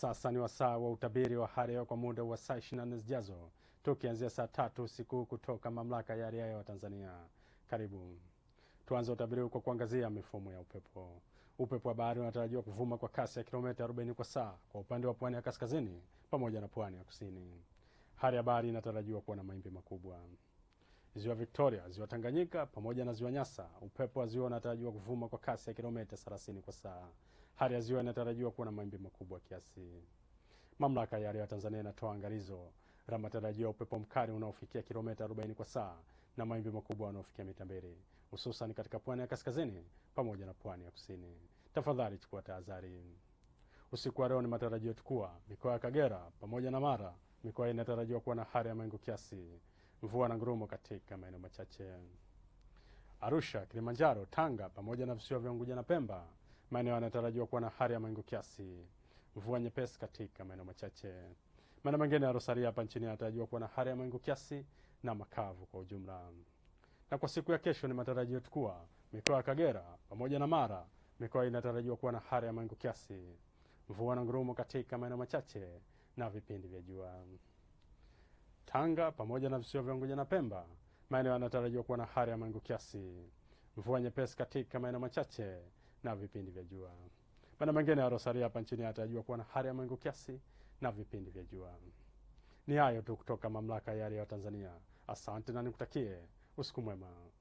Sasa ni wasaa wa utabiri wa hali ya hewa kwa muda wa saa 24 zijazo, tukianzia saa tatu usiku kutoka Mamlaka ya Hali ya Hewa Tanzania. Karibu tuanze utabiri kwa kuangazia mifumo ya upepo. Upepo wa bahari unatarajiwa kuvuma kwa kasi ya kilomita 40 kwa saa kwa upande wa pwani ya kaskazini pamoja na pwani ya kusini. Hali ya bahari inatarajiwa kuwa na mawimbi makubwa ziwa Victoria, ziwa Tanganyika pamoja na ziwa Nyasa. Upepo wa ziwa unatarajiwa kuvuma kwa kasi ya kilomita 30 kwa saa. Hali ya ziwa inatarajiwa kuwa na mawimbi makubwa kiasi. Mamlaka ya reli ya Tanzania inatoa angalizo la matarajio ya upepo mkali unaofikia kilomita 40 kwa saa na mawimbi makubwa yanayofikia mita mbili, hususan katika pwani ya kaskazini pamoja na pwani ya kusini. Tafadhali chukua tahadhari. Usiku wa leo ni matarajio tukua mikoa ya Kagera pamoja na Mara, mikoa inatarajiwa kuwa na hali ya mawingu kiasi mvua na ngurumo katika maeneo machache. Arusha, Kilimanjaro, Tanga pamoja na visiwa vya Unguja na Pemba, maeneo yanatarajiwa kuwa na hali ya mawingu kiasi, mvua nyepesi katika maeneo machache. Maeneo mengine ya Rosaria hapa nchini yanatarajiwa kuwa na hali ya mawingu kiasi na makavu kwa ujumla. Na kwa siku ya kesho ni matarajio yetu kuwa mikoa ya Kagera pamoja na Mara, mikoa inatarajiwa kuwa na hali ya mawingu kiasi, mvua na ngurumo katika maeneo machache na vipindi vya jua. Tanga pamoja na visiwa vya Unguja na Pemba, maeneo yanatarajiwa kuwa na hali ya mawingu kiasi, mvua nyepesi katika maeneo machache na vipindi vya jua. Maeneo mengine ya Rosaria hapa nchini yanatarajiwa kuwa na hali ya mawingu kiasi na vipindi vya jua. Ni hayo tu kutoka Mamlaka ya Hali ya Hewa Tanzania. Asante na nikutakie usiku mwema.